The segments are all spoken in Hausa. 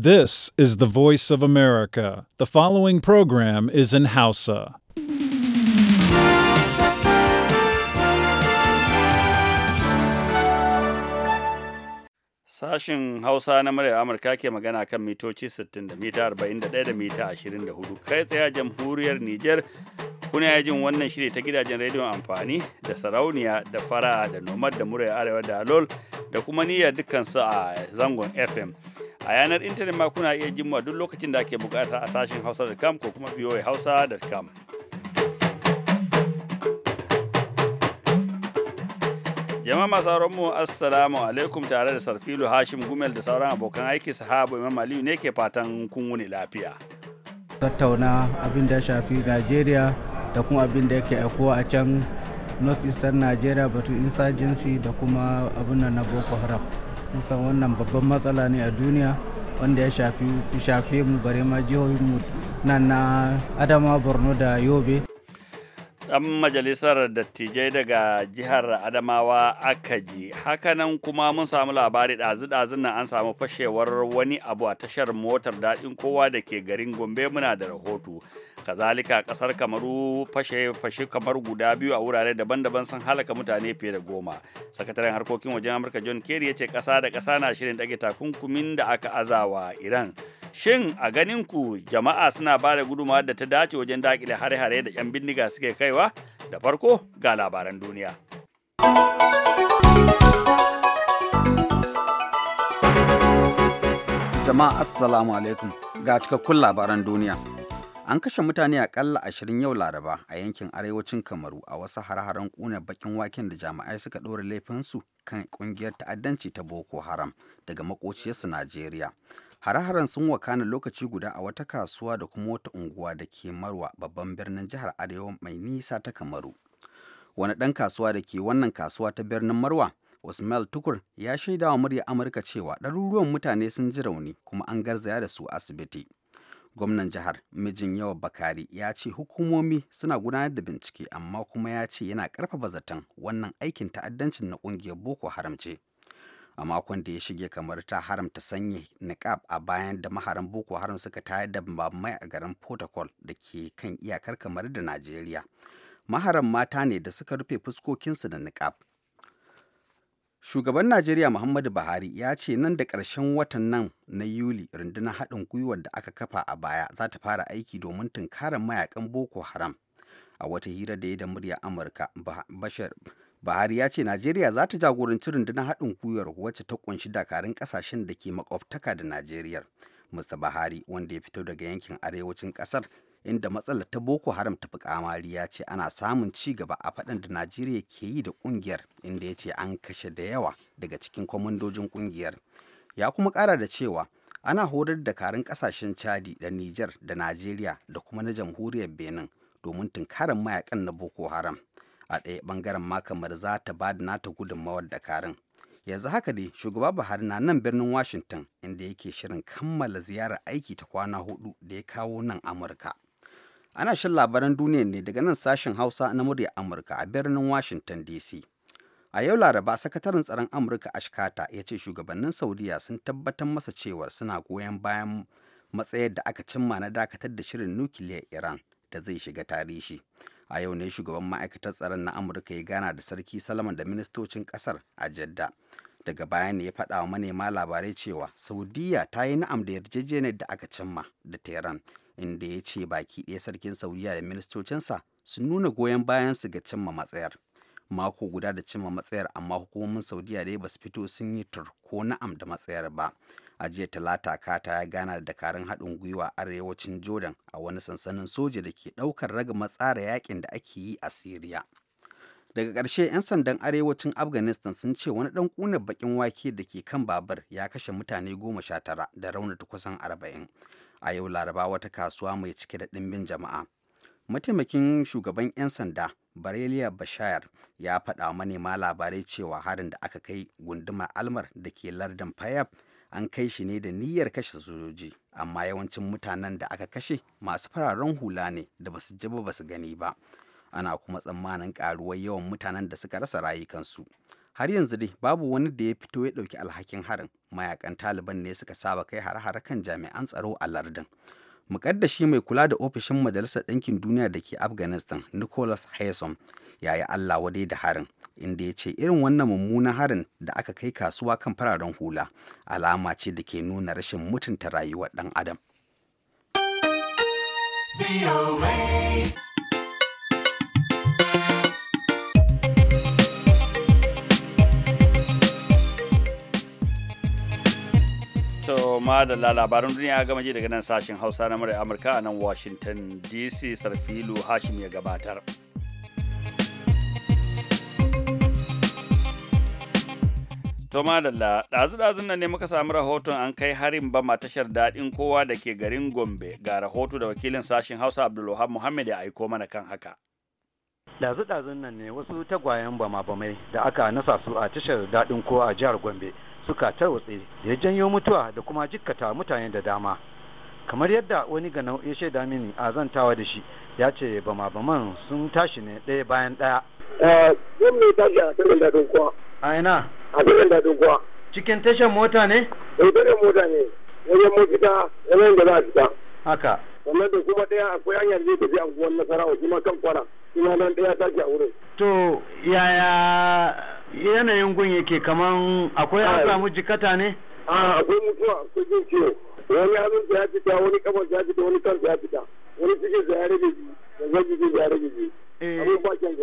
This is the voice of America. The following program is in Hausa. Sashin Hausa na murya Amurka ke magana kan mitoci 60 da mita 41 da mita 24 kai tsaye jamhuriyar Niger. kuna jin wannan shirya ta gidajen rediyon amfani da sarauniya da fara da nomad da murai arewa da alol da kuma niyyar dukkansu a zangon fm a yanar intanet ma kuna iya jin duk lokacin da ake bukata a sashen hausa.com ko kuma hausa.com jama'a masu sauran mu assalamu alaikum tare da sarfilu hashim gumel da sauran abokan aiki sahabu imam aliyu ne ke fatan kun wuni lafiya tattauna abin da shafi najeriya da kuma abin da yake aikowa a can northeastern nigeria batu insurgency da kuma abin na boko haram musamman wannan babban matsala ne a duniya wanda ya shafe mu bare ma jihohinmu nan na adama borno da yobe ɗan majalisar dattijai daga jihar adamawa aka ji hakanan kuma mun samu labari ɗazu-ɗazun nan an samu fashewar wani abu a tashar motar daɗin kowa da ke garin gombe muna da rahoto kazalika ƙasar kamaru fashe-fashe kamar guda biyu a wurare daban-daban sun halaka mutane fiye da goma sakataren harkokin wajen amurka john kerry ya ce ƙasa da ƙasa na shirin ɗage takunkumin da aka azawa iran Shin a ganin ku jama'a suna ba da guduma da ta dace wajen dakile hare-hare da 'yan bindiga suke kaiwa? Da farko ga labaran duniya. Jama'a Assalamu alaikum ga cikakkun labaran duniya. An kashe mutane akalla ashirin yau Laraba a yankin arewacin Kamaru a wasu har-haren ƙunar bakin waken da jami'ai suka ɗora laifinsu kan ƙungiyar ta'addanci ta Boko Haram daga makociyarsu Najeriya. hare-haren sun wakana lokaci guda a wata kasuwa da kuma wata unguwa da ke marwa babban birnin jihar arewa mai nisa ta kamaru wani ɗan kasuwa da ke wannan kasuwa ta birnin marwa Osmel Tukur ya shaidawa murya Amurka cewa ɗaruruwan mutane sun ji rauni kuma an garzaya da su asibiti. Gwamnan jihar mijin yawa Bakari ya ce hukumomi suna gudanar da bincike amma kuma ya ce yana ƙarfafa zaton wannan aikin ta'addancin na ƙungiyar Boko Haram ce. a makon da ya shige kamar ta haramta sanya niqab a bayan da maharan boko haram suka tayar da mai a garin protocol da ke kan iyakar kamar da najeriya maharan mata ne da suka rufe fuskokinsu da niqab shugaban najeriya muhammadu buhari ya ce nan da ƙarshen watan nan na yuli rundunar haɗin gwiwar da aka kafa a baya za ta fara aiki domin tunkarar mayakan boko haram a wata hira da ya da murya amurka bashar Buhari ya ce Najeriya za ta jagoranci rundunar haɗin gwiwar wacce ta ƙunshi dakarun ƙasashen da ke makwabtaka da Najeriya. Mr. Buhari wanda ya fito daga yankin arewacin ƙasar inda matsalar ta Boko Haram ta fi kamari ya ce ana samun ci gaba a faɗin da Najeriya ke yi da ƙungiyar inda ya ce an kashe da yawa daga cikin kwamandojin ƙungiyar. Ya kuma ƙara da cewa ana horar da karin ƙasashen Chadi da Nijar da Najeriya da kuma na jamhuriyar Benin domin tunkarar mayakan na Boko Haram. a ɗaya ɓangaren makamar za ta ba da nata gudunmawar dakarun yanzu haka dai shugaba buhari na nan birnin washington inda yake shirin kammala ziyarar aiki ta kwana hudu da ya kawo nan amurka ana shan labaran duniya ne daga nan sashen hausa na murya amurka a birnin washington dc a yau laraba sakataren tsaron amurka ashkata ya ce shugabannin saudiya sun tabbatar masa cewa suna goyon bayan matsayar da aka cimma na dakatar da shirin nukiliyar iran da zai shiga tarihi a yau ne shugaban ma'aikatar tsaron na amurka ya gana da sarki salman da ministocin kasar a jadda daga baya ne ya faɗa wa manema labarai cewa saudiya ta yi na'am da yarjejeniyar da aka cimma da tehran inda ya ce baki ɗaya sarkin saudiya da ministocinsa sun nuna goyon bayan su ga cimma matsayar mako guda da cimma matsayar amma hukumomin saudiya dai ba su fito sun yi turko na'am da matsayar ba a jiya talata kata ya gana da dakarun haɗin gwiwa arewacin jordan a wani sansanin soja da ke ɗaukar ragama matsara yakin da ake yi a siriya daga ƙarshe 'yan sandan arewacin afghanistan sun ce wani ɗan ƙunar baƙin wake da ke kan babur ya kashe mutane goma sha tara da raunata kusan arba'in a yau laraba wata kasuwa mai cike da ɗimbin jama'a mataimakin shugaban 'yan sanda Barelia Bashayar ya faɗa manema labarai cewa harin da aka kai gundumar Almar da ke lardin Fayab an kai shi ne da niyyar kashe sojoji amma yawancin mutanen da aka kashe masu fararen hula ne da basu ji ba basu gani ba ana kuma tsammanin karuwar yawan mutanen da suka rasa rayukansu har yanzu dai babu wani da ya fito ya ɗauki alhakin harin mayakan taliban ne suka saba kai har-hare kan jami'an tsaro a lardin Muƙaddashi mai kula da ofishin Majalisar Ɗinkin Duniya da ke Afghanistan, Nicholas hayeson ya yi Allah wadai da harin, inda ya ce irin wannan mummunan harin da aka kai kasuwa kan fararen hula alama ce da ke nuna rashin mutunta rayuwar ɗan adam. To madalla labaran duniya ya gama ji daga nan sashen Hausa na murar Amurka a nan Washington DC Sarfilu Hashim ya gabatar. To madalla ɗazu-ɗazun nan ne muka samu rahoton an kai harin ba tashar daɗin kowa da ke garin Gombe ga rahoto da wakilin sashen Hausa Abdulwahab Muhammad ya aiko mana kan haka. Ɗazu-ɗazun nan ne wasu tagwayen bama-bamai da aka nasa su a tashar daɗin kowa a jihar Gombe suka tarwatse ya janyo mutuwa da kuma jikkata mutane da dama kamar yadda wani ga ya shaida mini a zantawa da shi ya ce bama baman sun tashi ne ɗaya bayan ɗaya. Yan eh, mai tashi a cikin daɗin kuwa. A ina? A cikin daɗin kuwa. Cikin tashar mota ne? Cikin eh, tashar mota ne. Wajen mafita, wajen da za a fita. Haka. sannan da kuma ɗaya akwai hanyar zai tafi anguwan nasarawa kuma kan kwana kuma nan ɗaya ke a wurin. to yaya yanayin gun yake kaman akwai an samu jikata ne. a akwai mutuwa akwai jin ciwo wani hannun ya fita wani kafar ya fita wani kan ya fita wani cikin ya rage ji yanzu cikin ya rage ji. Eh. abin ba kyan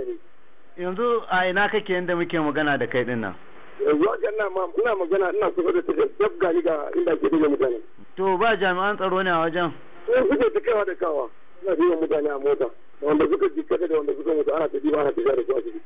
yanzu a ina kake yadda muke magana da kai din nan. yanzu haka ina magana ina kusa da tafiya gani ga inda ke duka mutane. to ba jami'an tsaro ne a wajen. sun suke ta kawa da kawa suna biyan mutane a mota da wanda suka kada da wanda suka mutu ana ta diba ana tafiya da su a ciki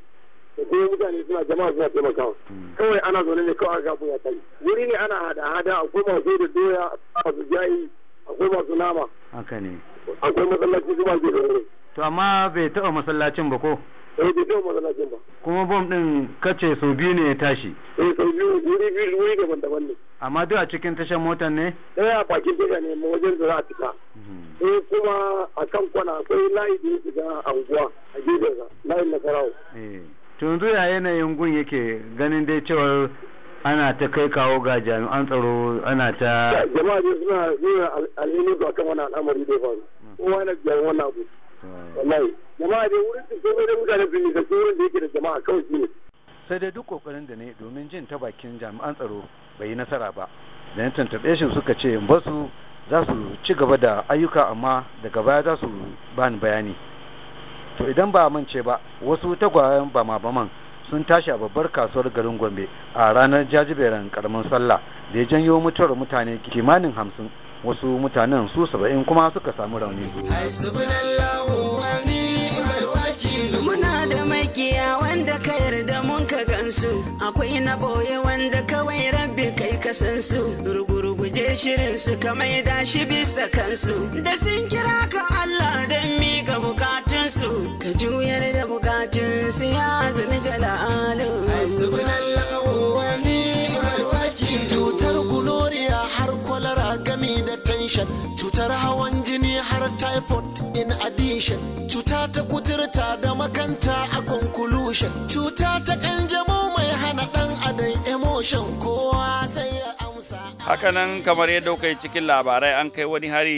da kuma mutane suna jama'a suna taimakawa hmm. kawai ana zaune ne kawai a gafin ya kai wuri ne ana hada hada a koma sai da doya a su jayi akwai masu nama haka ne akwai masallacin zuba ba ke da to amma bai taɓa masallacin ba ko eh bai taɓa masallacin ba kuma bom din kace sau biyu ne ya tashi eh sau biyu wuri biyu wuri daban-daban ne amma duk a cikin tashar motar ne eh a bakin tasha ne mu wajen da za a fita mhm. eh kuma a kan kwana akwai layi da yake ga anguwa a gefen sa layin nasarawa eh to yanzu ya yanayin gun yake ganin dai cewar ana ta kai kawo ga jami'an tsaro ana ta jama'a ne suna nuna alhinin ba kan wani al'amari da faru kowa yana biyan wannan abu wallahi jama'a ne wurin da komai da mutane su ne sai wurin da yake da jama'a kawai shi ne sai dai duk kokarin da ne domin jin ta bakin jami'an tsaro bai yi nasara ba da ya tantaɓe shi suka ce basu za su ci gaba da ayyuka amma daga baya za su bani bayani to idan ba mance ba wasu tagwayen ba ma ba man. sun tashi a babbar kasuwar garin Gombe a ranar jajiberin karamin sallah da ya janyo mutuwar mutane kimanin hamsin wasu mutanen su saba'in kuma suka samu rauni. Muna da makiya wanda ka yarda mun ka su akwai na boye wanda kawai rabbi kai kasan su rugurguje shirin su kamar da shi bisa kansu da sun kira ka Allah don miƙa bukatun su ka juyar da bukatun su ya zini jala'alu wa cutar gloria har kwalara gami da tension cutar hawan jini har typhoid in addition cuta ta kuturta da makanta a conclusion cuta ta kanjamau mai hana dan adam emotion kowa sai ya amsa hakanan kamar yadda kai cikin labarai an kai wani hari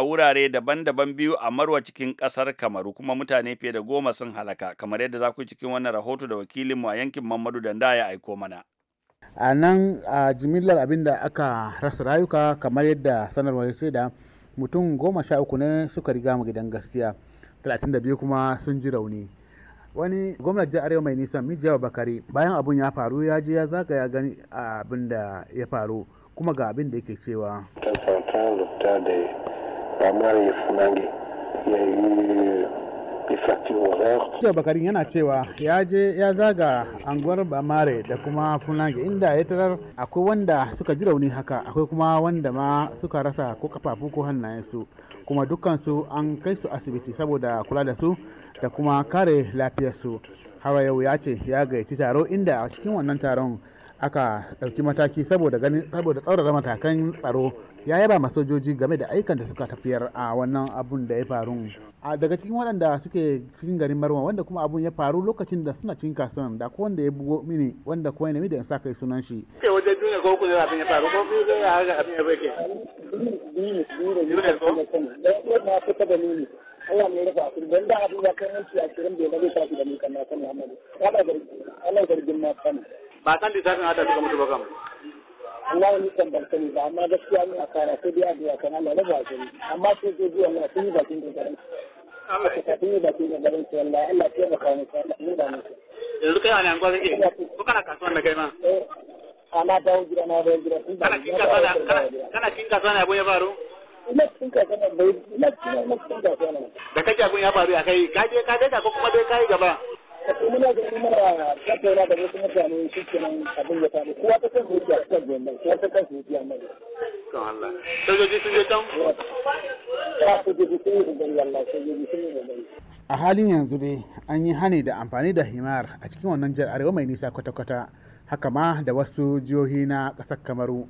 a wurare daban-daban biyu a marwa cikin kasar kamaru kuma mutane fiye da goma sun halaka kamar yadda za ku cikin wannan rahoto da wakilinmu a yankin mamadu da ya aiko mana a nan a jimillar abinda aka rasa rayuka kamar yadda sanarwar sai mutum goma sha uku ne suka riga mu gidan gaskiya talatin da biyu kuma sun ji rauni wani gwamnati jihar arewa mai nisan mijiya wa bakari bayan abun ya faru ya je ya zaga ya gani abin da ya faru kuma ga abin da yake cewa da yi ya Jiya Bakarin yana cewa ya je ya zaga anguwar Bamare da kuma Funage inda ya tarar akwai wanda suka ji rauni haka akwai kuma wanda ma suka rasa ko kafafu ko hannayensu kuma dukansu an kai su asibiti saboda kula da su da kuma kare lafiyarsu. Hawa yau ya ce ya gayyaci taro inda a cikin wannan taron aka ɗauki mataki saboda tsaurara matakan tsaro ya yaba ma sojoji game da aikan da suka tafiyar a wannan abun da ya faru a daga cikin waɗanda suke cikin garin marwa wanda kuma abun ya faru lokacin da suna cikin kasuwan da ko wanda ya bugo mini wanda kuma yana da in sa kai sunan shi ke waje duniya ko kuma abin ya faru ko kuma ya haka abin ya bake ba ne da abin ya kai da na kan Ba san hada suka mutu ba kama. Allah ya kan barka ne ba amma gaskiya a asara sai dai addu'a kan Allah na ba shi amma sai dai biyan mun sun yi bakin da garin Allah ya tafi bakin da garin sai Allah Allah ya taimaka mu sai da mu yanzu kai ana gwa zake ko kana kasuwa da kai ma eh, ana dawo gida na dawo gida sun ba kana cikin kasuwa ne abun ya faru ina cikin kasuwa ne bai ina cikin kasuwa ne da kake abun ya faru a kai ka Kaje, ka ko kuma dai kai gaba muna tattauna da a halin yanzu dai an yi hani da amfani da himar a cikin wannan jihar arewa mai nisa kwata-kwata haka ma da wasu jihohi na ƙasar kamaru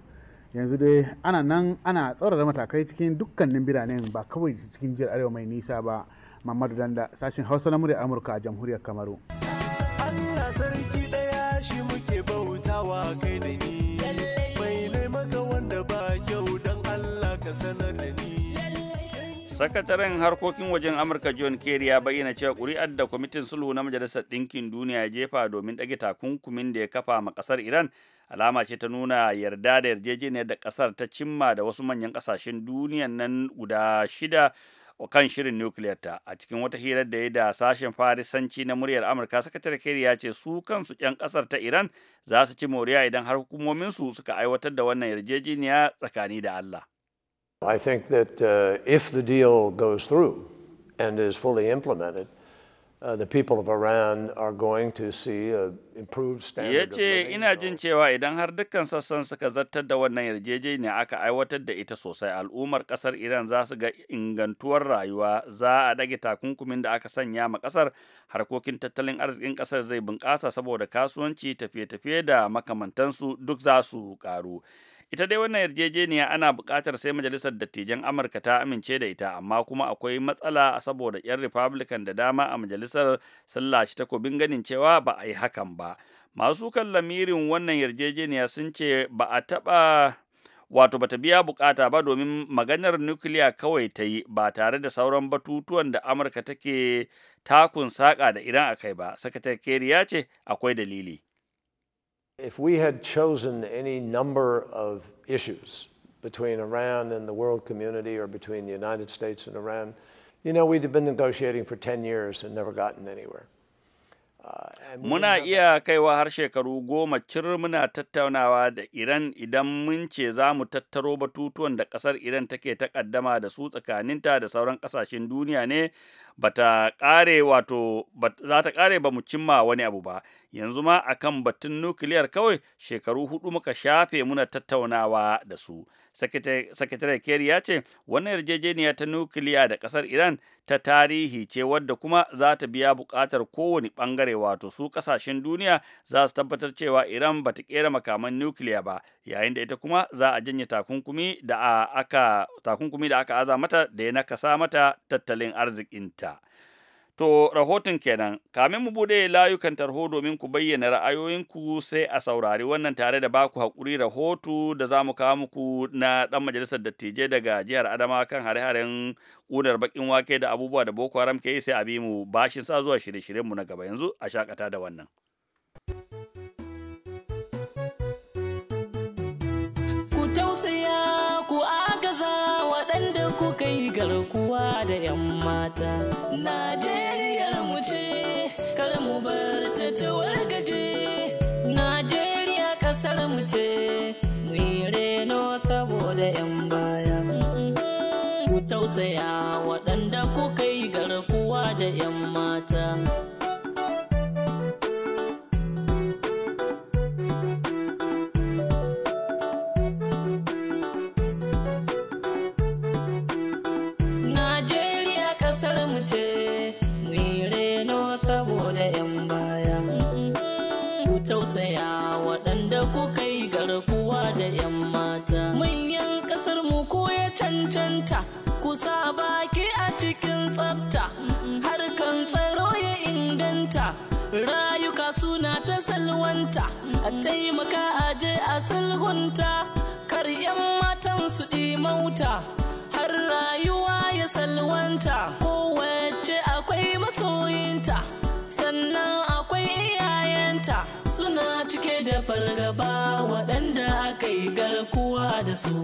yanzu dai ana nan ana tsaurara matakai cikin dukkanin biranen ba kawai cikin jihar arewa mai nisa ba Mamadu Danda sashin Hausa na murya Amurka a jamhuriyar Kamaru. Allah sarki ɗaya shi muke bautawa kai da ni. Mai maka wanda ba kyau don Allah ka sanar da ni. Sakataren harkokin wajen Amurka John Kerry ya bayyana cewa ƙuri'ar da kwamitin sulhu na Majalisar Ɗinkin Duniya ya jefa domin ɗage takunkumin da ya kafa ma ƙasar Iran alama ce ta nuna yarda da yarjejeniyar da ƙasar ta cimma da wasu manyan ƙasashen duniya nan guda shida kan shirin nukiliyar ta a cikin wata hirar da ya da sashen farisanci na muryar amurka sakatare kerry ya ce su kansu 'yan kasar ta iran za su ci moriya idan har hukumominsu suka aiwatar da wannan yarjejeniya tsakani da allah i think that uh, if the deal goes through and is fully implemented Uh, the people Iran are going to see a uh, improved ya ce ina jin cewa idan har dukkan sassan suka zartar da wannan yarjejeniya aka aiwatar da ita sosai al'ummar kasar Iran za su ga ingantuwar rayuwa za a dage takunkumin da aka sanya ma kasar harkokin tattalin arzikin kasar zai bunƙasa saboda kasuwanci tafiye-tafiye da makamantansu duk za su ƙaru. ita dai wannan yarjejeniya ana buƙatar sai majalisar dattijan amurka ta amince da ita amma kuma akwai matsala saboda 'yan republican da dama a majalisar sun lashe takobin ganin cewa ba a yi hakan ba masu kan lamirin wannan yarjejeniya sun ce ba a taɓa wato bata biya bukata ba domin maganar nukiliya kawai ta yi ba tare da sauran batutuwan da amurka take takun saƙa da iran a kai ba keri ya ce akwai dalili If we had chosen any number of issues between Iran and the world community or between the United States and Iran, you know, we'd have been negotiating for 10 years and never gotten anywhere. Uh, muna iya kaiwa har shekaru goma cir muna tattaunawa da Iran idan mun ce za mu tattaro batutuwan da ƙasar Iran take takaddama da su tsakaninta da sauran ƙasashen duniya ne bata kare wato za ta kare ba mu cimma wani abu ba yanzu ma akan batun nukiliyar kawai shekaru hudu muka shafe muna tattaunawa da su sakitare kerry ya ce wannan yarjejeniya ta nukiliya da kasar iran ta tarihi ce wadda kuma za ta biya bukatar kowane bangare wato su kasashen duniya za su tabbatar cewa iran bata kera makaman nukiliya ba yayin da ita kuma za a janye takunkumi da aka takunkumi da aza mata da ya nakasa mata tattalin arzikinta ta. To rahoton kenan, kamin mu bude layukan tarho domin ku bayyana ra'ayoyinku sai a saurari wannan tare da baku haƙuri rahoto da zamu kawo muku na ɗan majalisar dattijai daga jihar Adama kan hare-haren ƙunar bakin wake da abubuwa da Boko Haram ke yi sai a bi mu bashin sa zuwa shirye-shiryenmu na gaba yanzu a shakata da wannan. Ku da 'yan mata. Najeriyar mu ce, kar mu bar ta ta wargaje. Najeriya kasar mu ce, mu yi reno saboda 'yan baya. Ku tausaya waɗanda kuka yi garkuwa da 'yan mata. sulhunta karyan matan su mauta har rayuwa ya salwanta kowace akwai masoyinta sannan akwai iyayenta suna cike da fargaba waɗanda aka yi garkuwa da su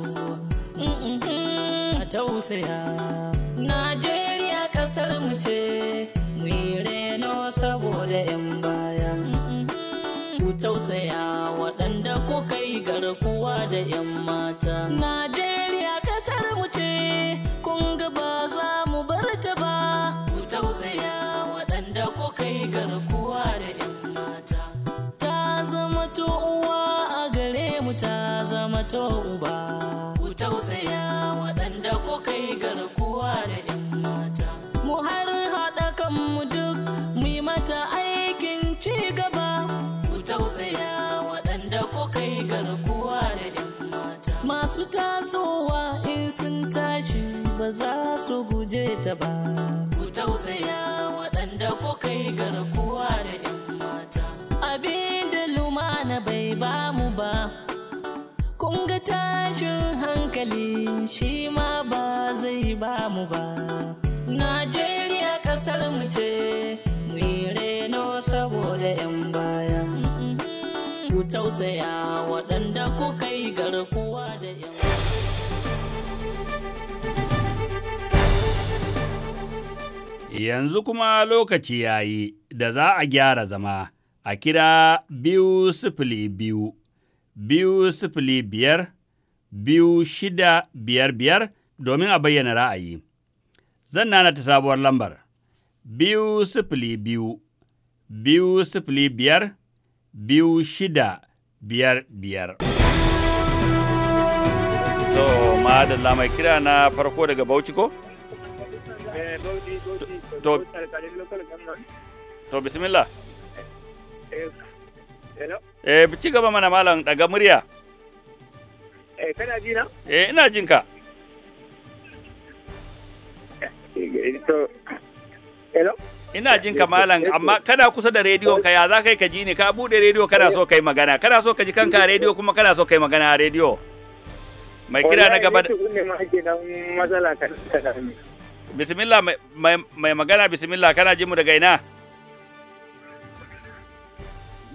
a tausaya najeriya ƙasar mu ce mu reno saboda 'yan baya ku tausaya waɗanda Ko kai garkuwa da 'yan mata. Najeriya kasar mu ce, kun ba za mu bar ta ba. Ku tausaya waɗanda ko kai garkuwa da 'yan mata. Ta zama to uwa a gare mu ta zama to uba. akwai garkuwa da mata masu tasowa in sun tashi ba za su guje ta ba ku tausaya waɗanda ku kai garkuwa da 'yan mata abin da lumana bai ba mu ba kun ga tashin hankali shi ma ba zai ba mu ba najeriya ƙasar mu ce mu reno saboda 'yan baya tausaya waɗanda ku kai garkuwa da yawa Yanzu kuma lokaci ya yi da za a gyara zama a kira biyu sifili biyu, biyu sifili biyar, biyu shida biyar biyar domin a bayyana ra'ayi. Zan nana ta sabuwar lambar biyu sifili biyu, biyu sifili biyar, biyu shida biyar biyar. To, madalla mai kira na farko daga Bauchi ko? To, to bismillah. Eh, ci gaba mana malam daga murya. Eh, kana ji na? Eh, ina jin ka. Eh, hello? ina jin ka malam amma kana kusa da rediyon ka ya za kai ka ji ni ka bude rediyo kana so kai magana kana so ka ji kanka a rediyo kuma kana so kai magana a rediyo mai kira na gaba da bismillah mai magana bismillah kana jin mu daga ina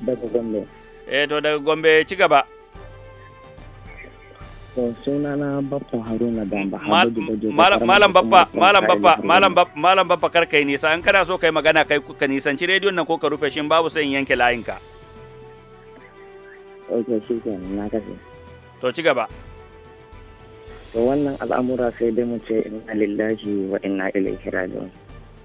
daga gombe eh to daga gombe ci gaba sunana haruna malam bappa malam kar kai nisa an kana so kai magana kai ka nisanci rediyon nan ko ka rufe shin babu sai in yanke layin ka okay shi na kashe to ci gaba to wannan al'amura sai dai mu ce inna lillahi wa inna ilaihi raji'un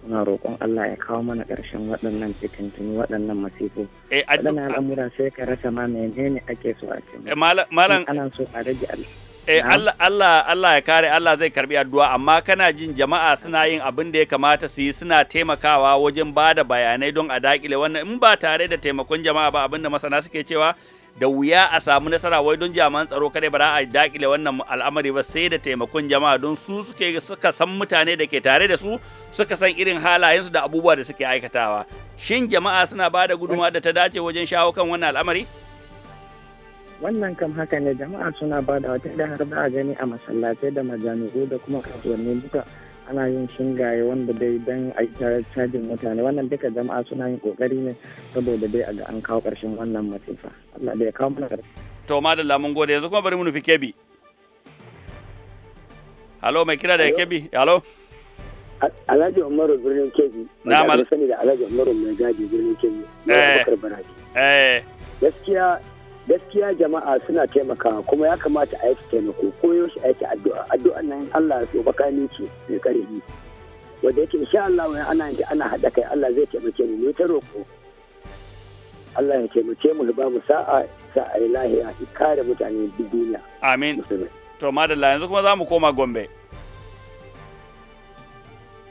muna roƙon Allah ya kawo mana ƙarshen waɗannan fitintuni waɗannan masifo. Eh, waɗannan al'amura sai ka rasa ma menene ake so a cikin. Eh, malam. Ana so a rage eh, Allah Allah Allah ya kare Allah zai karbi addu'a amma kana jin jama'a suna yin abin da ya kamata su yi suna taimakawa wajen ba da bayanai don a dakile wannan in ba tare da taimakon jama'a ba abin da masana suke cewa da wuya a samu nasara wai don jaman tsaro kadai ba a dakile wannan al'amari ba sai da taimakon jama'a don su suke suka san mutane da ke tare da su suka san irin halayensu da abubuwa da suke aikatawa shin jama'a suna ba da guduma da ta dace wajen shawo kan wannan al'amari wannan kam haka ne jama'a suna ba da wata da har za a gani a masallatai da majami'u da kuma kasuwanni duka ana yin shingaye wanda dai don a cajin mutane wannan duka jama'a suna yin kokari ne saboda dai a ga an kawo karshen wannan masifa Allah da ya kawo mana karshe to da lamun gode yanzu kuma bari mu nufi kebi halo mai kira da kebi halo Alhaji Umaru birnin Kebi Na mal. Sani da Alhaji Umaru mai gadi birnin Kebbi. Eh. eh. Gaskiya gaskiya jama'a suna taimakawa kuma ya kamata a yi taimako ko yaushe a yi addu'a addu'a nan Allah ya so baka ni ce mai karfi wanda yake insha Allah wani ana yanke ana haɗa kai Allah zai taimake mu ne ta roƙo Allah ya taimake mu ba mu sa'a sa'a lahiya ya kare mutane duniya amin to madalla yanzu kuma za mu koma Gombe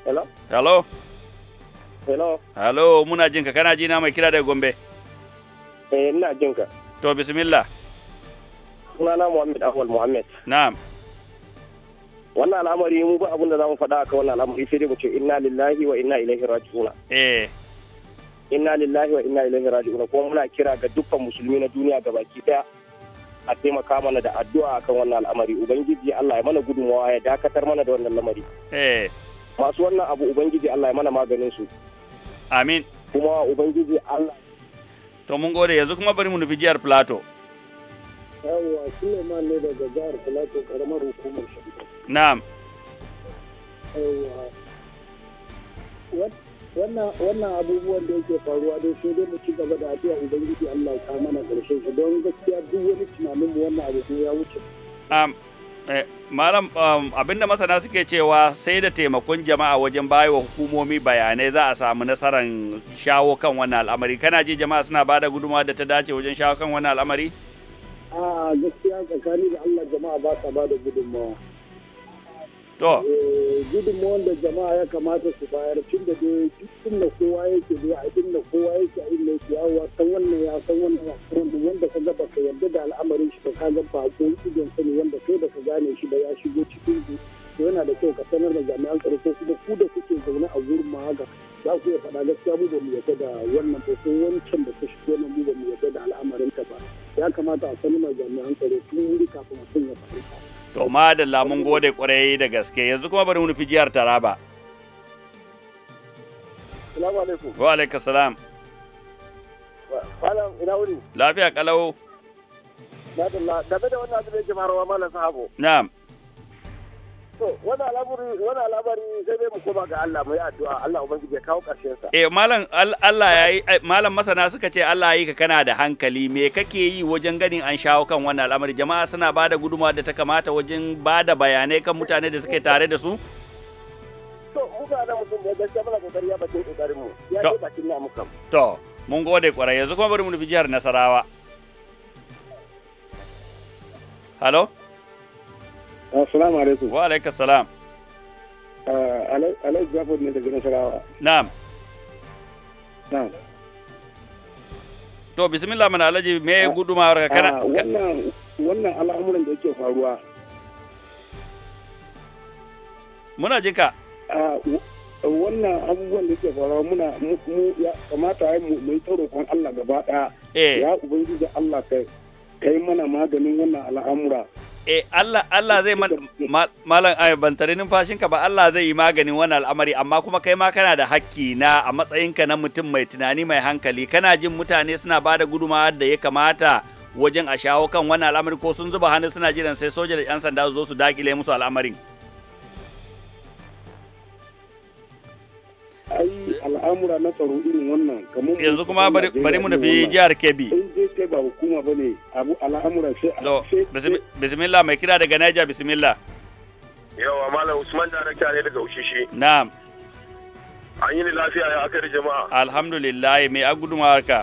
hello hello hello hello muna jinka kana jina mai kira daga Gombe eh ina jinka To bismillah. Sunana Muhammad Ahmad Muhammad. Na'am. Wannan al'amari mu ba abin da za mu faɗa akan wannan al'amari sai dai mu ce inna lillahi wa inna ilaihi raji'un. Eh. Inna lillahi wa inna ilaihi raji'un ko muna kira ga dukkan musulmi na duniya gabaki daya a taimaka mana da addu'a akan wannan al'amari ubangiji Allah ya mana gudunmawa ya dakatar mana da wannan lamari. Eh. Masu wannan abu ubangiji Allah ya mana maganin su. Amin. Kuma ubangiji Allah To mun gode yanzu kuma bari mu nufi jihar plato Yawwa Suleiman ne daga jihar plato karamar hukumar Na'am. Yawwa. Wannan abubuwan da yake faruwa dai sai dai mu ci gaba da addu'a Ubangiji Allah ya kawo mana karshen shi don gaskiya duk wani tunanin mu wannan abu ya wuce. Eh, malam um, abinda masana suke cewa sai da taimakon jama'a wajen bayewa hukumomi bayanai za a samu nasarar shawo kan wannan al'amari kana ji jama'a suna bada gudunmawa da ta dace wajen shawo kan wannan al'amari a gaskiya tsakani da Allah jama'a ba ta bada gudunmawa To. Eh, gudunmawar da jama'a ya kamata su bayar tun da dai duk inda kowa yake zuwa a inda kowa yake a inda yake yawo san wannan ya san wannan ya san wannan wanda ka ga baka yarda da al'amarin shi ba ka ga bako idon sani wanda kai baka gane shi ba ya shigo cikin to yana da kyau ka sanar da jami'an tsaro ko kuma ku da kuke zaune a gurin ma haka za ku iya faɗa gaskiya mu ba mu yarda da wannan ba ko wancan da ka shigo nan mu ba mu yarda da al'amarin ta ba ya kamata a sanar da jami'an tsaro tun wuri kafin mutum ya faɗi To ma da lamun gode kwarai da gaske yanzu kuma bari mu fijiyar jihar Taraba. Salamu alaikum. Wa alaikum salam. Malam ina wuri. Lafiya kalawo. Madalla da wannan abin da yake marawa malam na. Na'am. wani al'amari sai dai mu koma ga Allah mu yi addu'a Allah ubangiji ya kawo ƙarshen sa eh malam Allah yayi eh, malam masana suka ce Allah yayi ka kana da hankali me kake yi wajen ganin an shawo kan wannan al'amari jama'a suna bada guduma da ta kamata wajen bada bayanai kan mutane da suke tare da su to muka da mutum da gaskiya muna kokari ya bakin kokarin mu ya yi bakin na mu kam to mun gode kwarai yanzu kuma bari mu nufi jihar Nasarawa Hello? Assalamu alaikum. Wa alaikum salam. Ah, Alhaji Jafar ne daga Nasarawa. Na'am. Na'am. To bismillah mana alaji me ya ah, gudumawar ah, kana wannan wannan al'amuran da yake faruwa. Muna jinka. wannan abubuwan da yake faruwa muna mu ya kamata mu yi mai roƙon Allah gaba ɗaya. Eh. Ya ubangiji Allah kai ka yi mana maganin wannan al'amura e Allah Allah zai malam ban tare numfashinka ba Allah zai yi maganin wannan al'amari amma kuma kai ma kana da hakki na a matsayinka na mutum mai tunani mai hankali kana jin mutane suna ba da da ya kamata wajen a shawo kan wannan al'amari ko sun zuba hannu suna jiran sai soja da 'yan sanda su zo su dakile musu al'amarin ai al'amura na tsaro irin wannan kamar yanzu kuma bari mu nufi jihar Kebbi in je kai ba hukuma bane abu al'amura sai to bismillah mai kira daga Niger bismillah yawa malam Usman darakta ne daga Ushishi na'am an yi lafiya ya akari jama'a alhamdulillah mai a gudunmawar ka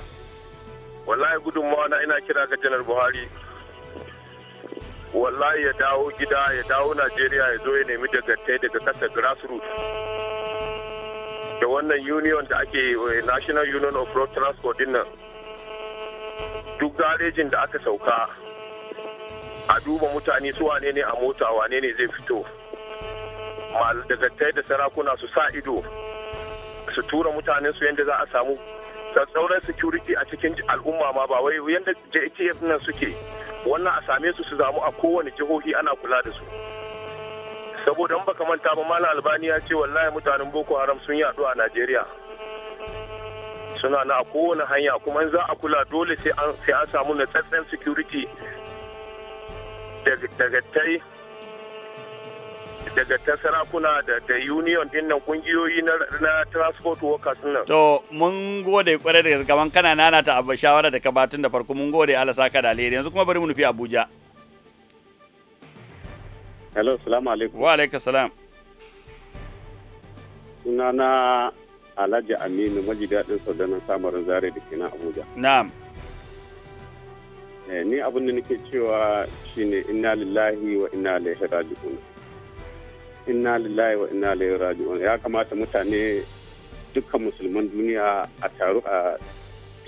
wallahi gudunmawa na ina kira ga janar Buhari wallahi ya dawo gida ya dawo Najeriya ya zo ya nemi dagantai daga kasar grassroots da wannan union da ake eh, national union of road transport din duk garejin da aka sauka a duba mutane su wane ne a mota wane ne zai fito daga da sarakuna su sa ido su tura mutanen su yadda za a samu tsauran security a cikin al'umma ma ba wai yadda jtf nan suke wannan a same su su zamu a kowane jihohi ana kula da su saboda in baka manta ba malam albani ya ce wallahi mutanen boko haram sun yaɗu a najeriya suna na a kowane hanya kuma za a kula dole sai an samu na samu security daga tai daga ta sarakuna da union din nan kungiyoyi na, transport workers nan to mun gode kwarai da gaban kana nana ta abu shawara da kabatun da farko mun gode ala saka da alheri yanzu kuma bari mu nufi Abuja hello salamu alaikum wa alaikum salam sunana alhaji aminu maji daɗin saudanan samarin zare da kenan abuja na'am eh, ni abin da nake cewa shine inna lillahi wa inna ilaihi raji'un inna lillahi wa inna ilaihi raji'un ya kamata mutane dukkan musulman duniya a taru a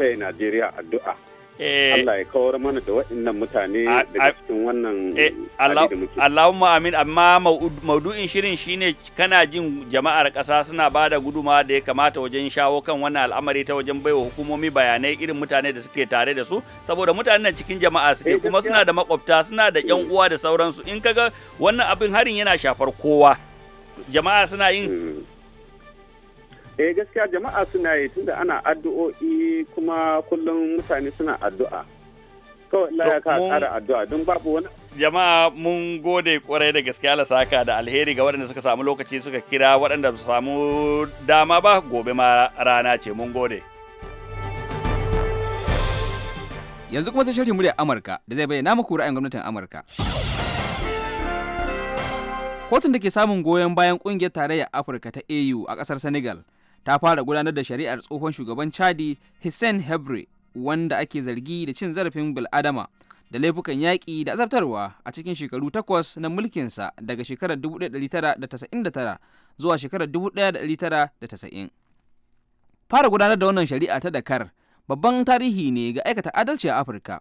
tsaye najeriya addu'a Eh, Allah ya kawar mana da waɗannan mutane daga cikin wannan eh, Allahumma amin amma maudu'in shirin shine kana jin jama'ar ƙasa suna ba da guduma da ya kamata wajen shawo kan wannan al'amari ta wajen baiwa hukumomi bayanai irin mutane da suke tare da su saboda mutanen cikin jama'a suke eh, kuma suna da makwabta suna da yan mm. uwa da sauransu in kaga wannan abin harin yana shafar kowa jama'a suna yin mm. eh gaskiya jama'a suna yi tunda ana addu'o'i kuma kullum mutane suna addu'a kawai Allah ya ka ƙara addu'a don babu wani jama'a mun gode kwarai da gaskiya saka da alheri ga waɗanda suka samu lokaci suka kira waɗanda su samu dama ba gobe ma rana ce mun gode yanzu kuma sai shirin murya amurka da zai bayyana muku ra'ayin gwamnatin amurka kotun da ke samun goyon bayan kungiyar tarayyar afirka ta au a kasar senegal ta fara gudanar da shari'ar tsohon shugaban chadi hussein hebre wanda ake zargi da cin zarafin bil'adama da laifukan yaƙi da azabtarwa a cikin shekaru takwas na mulkinsa daga shekarar 1999 zuwa shekarar 1990 fara gudanar da wannan shari'a ta dakar babban tarihi ne ga aikata adalci a afirka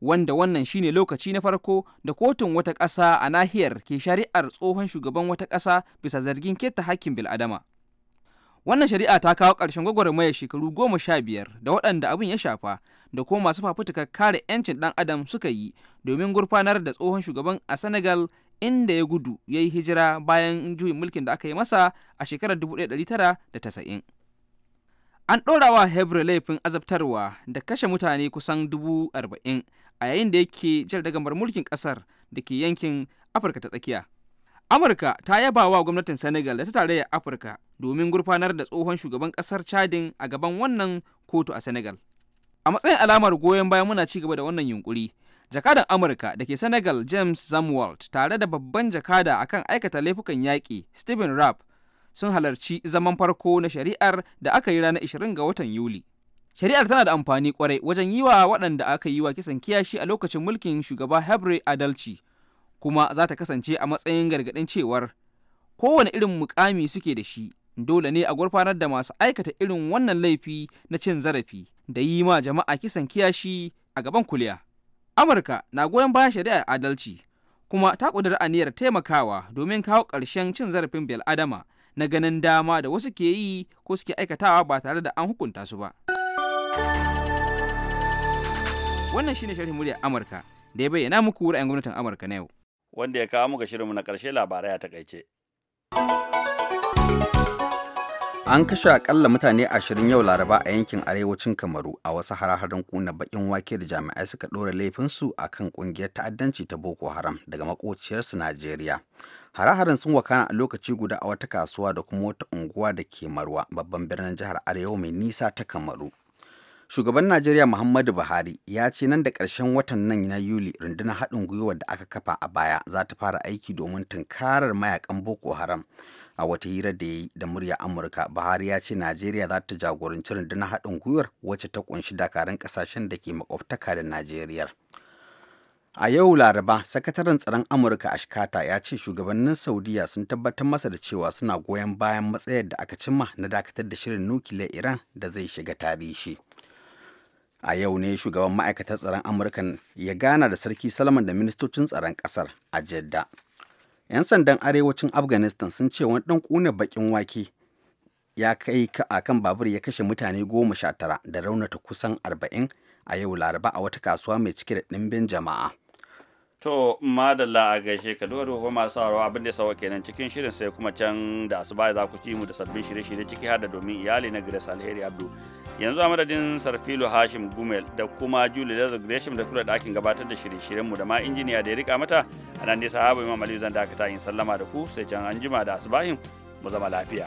wanda wannan shine lokaci na farko da kotun wata ƙasa a nahiyar ke shari'ar tsohon shugaban wata ƙasa bisa zargin keta hakkin bil'adama Wannan shari'a ta kawo ƙarshen gwagwarmaya shekaru goma sha biyar da waɗanda abin ya shafa da kuma masu fafutuka kare 'yancin ɗan adam suka yi domin gurfanar da tsohon shugaban a Senegal inda ya gudu ya yi hijira bayan juyin mulkin da aka yi masa a shekarar 1990. An ɗora wa Hebre laifin azabtarwa da kashe mutane kusan dubu arba'in a yayin da yake jar dagamar mulkin ƙasar da ke yankin Afirka ta tsakiya. amurka ta yaba wa gwamnatin senegal da ta tarayyar afirka domin gurfanar da tsohon shugaban kasar chadin a gaban wannan kotu a senegal a matsayin alamar goyon baya muna ci gaba da wannan yunkuri jakadan amurka da ke senegal james zamwalt tare da babban jakada akan aikata laifukan yaƙi stephen rapp sun halarci zaman farko na shari'ar da aka yi ranar 20 ga watan yuli shari'ar tana da amfani kwarai wajen yi wa waɗanda aka yi wa kisan kiyashi a lokacin mulkin shugaba hebre adalci kuma za ta kasance a matsayin gargaɗin cewar kowane irin mukami suke da shi dole ne a gurfanar da masu aikata irin wannan laifi na cin zarafi da yi ma jama'a kisan kiyashi a gaban kuliya amurka na goyon bayan shari'ar adalci kuma ta ƙudiri aniyar taimakawa domin kawo ƙarshen cin zarafin adama na ganin dama da wasu ke yi ko suke aikatawa ba tare da an hukunta su ba. Wannan shine sharhin muryar Amurka da ya bayyana muku ra'ayin gwamnatin Amurka na yau. wanda ya kawo muka shirinmu na ƙarshe labarai a takaice. An kashe akalla mutane ashirin yau laraba a yankin arewacin Kamaru a wasu hare kuna baƙin wake da jami'ai suka ɗora laifinsu a kan ƙungiyar ta'addanci ta Boko Haram daga makociyarsu Najeriya. haraharin sun wakana a lokaci guda a wata kasuwa da kuma wata unguwa da ke Marwa babban birnin jihar Arewa mai nisa ta Kamaru. shugaban najeriya muhammadu buhari ya ce nan da ƙarshen watan nan na yuli rundunar haɗin gwiwar da aka kafa a baya za ta fara aiki domin tunkarar mayakan boko haram a wata hira da ya yi da murya amurka buhari ya ce najeriya za ta jagoranci rundunar haɗin gwiwar wacce ta ƙunshi dakarun ƙasashen da ke makwabtaka da najeriya a yau laraba sakataren tsaron amurka ashkata ya ce shugabannin saudiya sun tabbatar masa da cewa suna goyon bayan matsayar da aka cimma na dakatar da shirin nukiliyar iran da zai shiga tarihi a yau ne shugaban ma'aikatar tsaron amurka ya gana da sarki salman da ministocin tsaron kasar a jedda 'yan sandan arewacin afghanistan sun ce wani dan kuna bakin wake ya kai ka a kan babur ya kashe mutane goma sha tara da raunata kusan arba'in a yau laraba a wata kasuwa mai cike da ɗimbin jama'a To, madalla a gaishe ka duka duka masu sauraro abin da ya sawa kenan cikin shirin sai kuma can da asuba za ku ci mu da sabbin shirye-shirye ciki har da domin iyali na Grace Alheri Abdu. yanzu a madadin sarfilo hashim gumel da kuma julie da gresham da kula da ɗakin gabatar da shirye-shiryenmu da ma injiniya da ya rika mata a nan nesa habu imam aliyu zan dakata yin sallama da ku sai can anjima da asibahin mu zama lafiya.